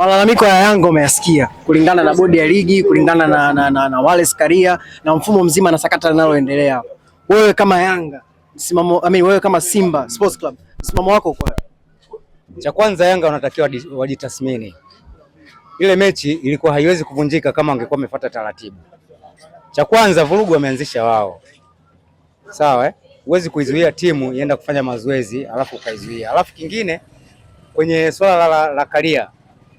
Malalamiko ya Yanga umeyasikia kulingana na bodi ya ligi, kulingana na, na, na, na Wallace Karia na mfumo mzima na sakata linaloendelea. Wewe kama Yanga msimamo, I mean, wewe kama Simba Sports Club msimamo wako kwa cha kwanza, Yanga wanatakiwa wajitathmini. Ile mechi ilikuwa haiwezi kuvunjika kama wangekuwa wamefuata taratibu. Cha kwanza, vurugu wameanzisha wao, sawa eh? Huwezi kuizuia timu ienda kufanya mazoezi alafu ukaizuia. Alafu kingine kwenye swala la, la, la Karia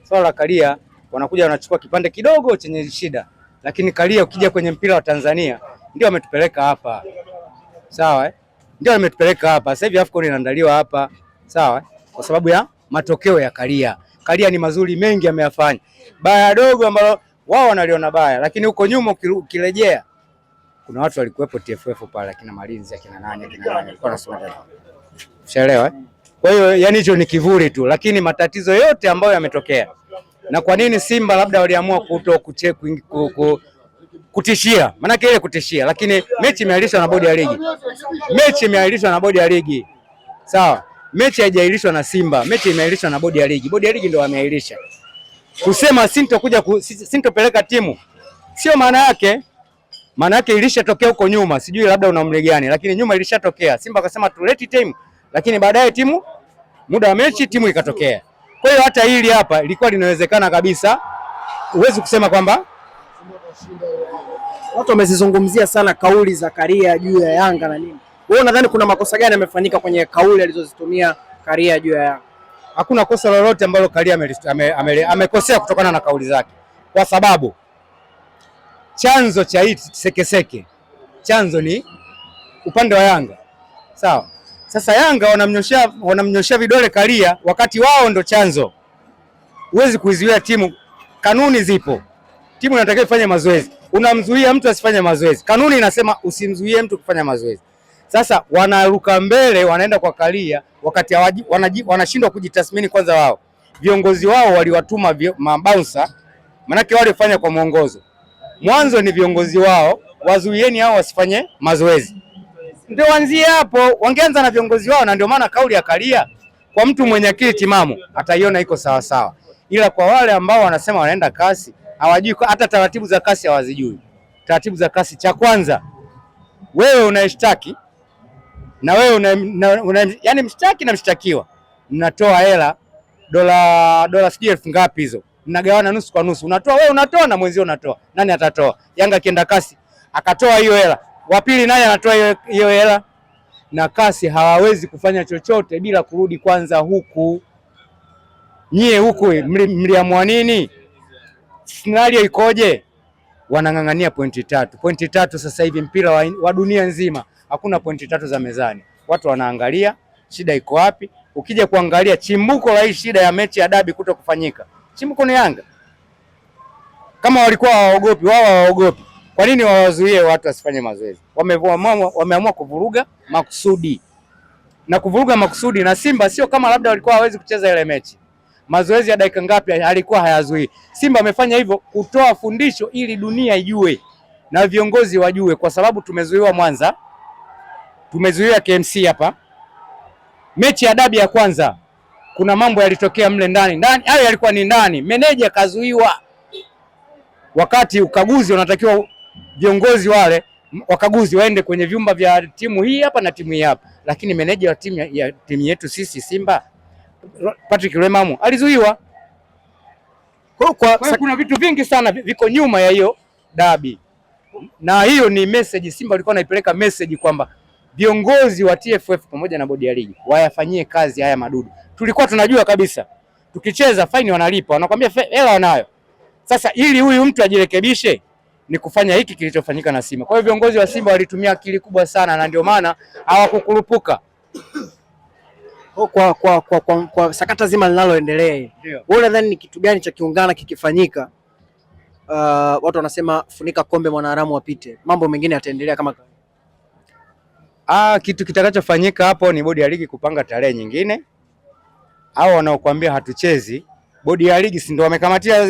swala la Karia wanakuja wanachukua kipande kidogo chenye shida, lakini Karia ukija kwenye mpira wa Tanzania ndio ametupeleka hapa sawa, eh? Ndio ametupeleka hapa. Sasa hivi AFCON inaandaliwa hapa sawa, eh? kwa sababu ya matokeo ya Karia. Karia ni mazuri mengi ameyafanya, baya dogo ambalo wao wanaliona baya, lakini huko nyuma ukirejea kuna watu walikuwepo TFF pale, akina Malinzi, akina nani, akina nani, ushaelewa eh? Kwa hiyo yani hicho ni kivuli tu, lakini matatizo yote ambayo yametokea na kwa nini Simba labda waliamua kuto kuche, kutishia, maanake ile kutishia, lakini mechi imeahirishwa na bodi ya ligi, mechi imeahirishwa na bodi ya ligi sawa. Mechi haijaahirishwa na Simba, mechi imeahirishwa na bodi ya ligi. Bodi ya ligi ndio wameahirisha. Kusema sintokuja ku, sintopeleka timu sio maana yake, maana yake ilishatokea huko nyuma, sijui labda una mle gani, lakini nyuma ilishatokea. Simba akasema tuleti timu, lakini baadaye timu, muda wa mechi timu ikatokea. Kwa hiyo hata hili hapa ilikuwa linawezekana kabisa, huwezi kusema kwamba watu wamezizungumzia sana kauli za Karia juu ya Yanga na nini. Wewe unadhani kuna makosa gani yamefanyika kwenye kauli alizozitumia Karia juu ya Yanga? Hakuna kosa lolote ambalo Karia amekosea ame, ame, ame kutokana na kauli zake, kwa sababu chanzo cha hii sekeseke chanzo ni upande wa Yanga, sawa sasa Yanga wanamnyoshia wanamnyoshia vidole Kalia wakati wao ndo chanzo. Huwezi kuizuia timu, kanuni zipo. Timu inatakiwa ifanye mazoezi, unamzuia mtu asifanye mazoezi. Kanuni inasema usimzuie mtu kufanya mazoezi. Sasa wanaruka mbele, wanaenda kwa Kalia wakati wanashindwa kujitathmini kwanza. Wao viongozi wao waliwatuma mabouncer, manake walifanya kwa mwongozo mwanzo, ni viongozi wao, wazuieni hao wasifanye mazoezi ndio wanzie hapo, wangeanza na viongozi wao, na ndio maana kauli ya Kalia kwa mtu mwenye akili timamu ataiona iko sawa sawa, ila kwa wale ambao wanasema wanaenda kasi hawajui hata taratibu za kasi, hawazijui taratibu za kasi. Cha kwanza wewe unaishtaki na wewe una, una, una, yani mshtaki na mshtakiwa mnatoa hela dola dola sijui elfu ngapi hizo, mnagawana nusu kwa nusu, unatoa wewe, unatoa na mwenzio unatoa. Nani atatoa? Yanga akienda kasi akatoa hiyo hela wa pili naye anatoa hiyo hela na kasi. Hawawezi kufanya chochote bila kurudi kwanza huku. Nyie huku mliamua nini? Scenario ikoje? Wanang'ang'ania pointi tatu, pointi tatu. Sasa hivi mpira wa, wa dunia nzima hakuna pointi tatu za mezani. Watu wanaangalia shida iko wapi. Ukija kuangalia chimbuko la hii shida ya mechi ya dabi kuto kufanyika, chimbuko ni Yanga. Kama walikuwa hawaogopi, wao hawaogopi kwa nini wawazuie watu wasifanye mazoezi? Wameamua wameamua kuvuruga makusudi na kuvuruga makusudi. Na Simba sio kama labda walikuwa hawezi kucheza ile mechi, mazoezi ya dakika ngapi alikuwa hayazuii. Simba amefanya hivyo kutoa fundisho ili dunia ijue na viongozi wajue, kwa sababu tumezuiwa Mwanza, tumezuiwa KMC hapa, mechi ya dabi ya kwanza kuna mambo yalitokea mle ndani ndani, hayo yalikuwa ni ndani, meneja kazuiwa wakati ukaguzi unatakiwa viongozi wale wakaguzi waende kwenye vyumba vya timu hii hapa na timu hii hapa, lakini meneja wa timu ya, ya timu yetu sisi Simba Patrick Lemamu alizuiwa. Kwa, kwa, kwa kuna vitu vingi sana viko nyuma ya hiyo dabi, na hiyo ni message Simba walikuwa wanaipeleka message kwamba viongozi wa TFF pamoja na bodi ya ligi wayafanyie kazi haya madudu. Tulikuwa tunajua kabisa tukicheza faini wanalipa, wanakuambia hela wanayo. Sasa ili huyu mtu ajirekebishe ni kufanya hiki kilichofanyika na Simba. Kwa hiyo viongozi wa Simba walitumia akili kubwa sana na ndio maana hawakukurupuka. Kwa, kwa, kwa, kwa, kwa sakata zima linaloendelea, wewe unadhani ni kitu gani cha kiungana kikifanyika? Uh, watu wanasema funika kombe mwanaharamu wapite, mambo mengine yataendelea kama Ah, kitu kitakachofanyika hapo ni bodi ya ligi kupanga tarehe nyingine, au wanaokuambia hatuchezi. Bodi ya ligi si ndio wamekamatia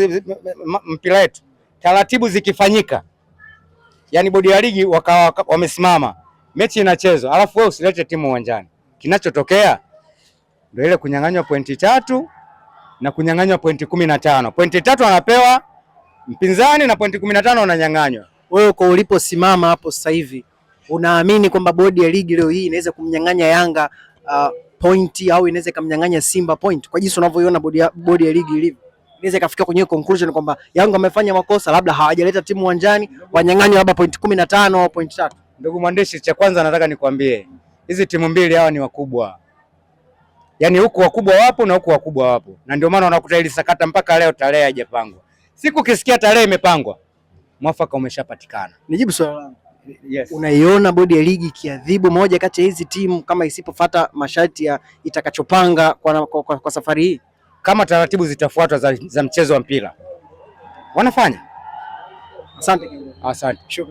mpira wetu? taratibu zikifanyika, yani bodi ya ligi wakawa wamesimama, mechi inachezwa, alafu wewe usilete timu uwanjani, kinachotokea ndio ile kunyang'anywa pointi tatu na kunyang'anywa pointi kumi na tano. Pointi tatu anapewa mpinzani na pointi kumi na tano unanyang'anywa wewe. Kwa uliposimama hapo sasa hivi, unaamini kwamba bodi ya ligi leo hii inaweza kumnyang'anya Yanga uh, pointi au inaweza ikamnyang'anya Simba point kwa jinsi unavyoiona bodi ya, bodi ya ligi ilivyo? inaweza ikafikia kwenye conclusion kwamba Yanga amefanya makosa, labda hawajaleta timu uwanjani, wanyang'anywa labda point kumi na tano au point tatu. Ndugu mwandishi, cha kwanza nataka nikwambie hizi timu mbili hawa ni wakubwa, yaani huku wakubwa wapo na huku wakubwa wapo, na ndio maana unakuta ili sakata mpaka leo tarehe haijapangwa. Siku kisikia tarehe imepangwa, mwafaka umeshapatikana. Nijibu swali langu. Yes. Unaiona bodi ya ligi kiadhibu moja kati ya hizi timu kama isipofuata masharti ya itakachopanga kwa, kwa, kwa, kwa safari hii? kama taratibu zitafuatwa za, za mchezo wa mpira wanafanya. Asante, asante.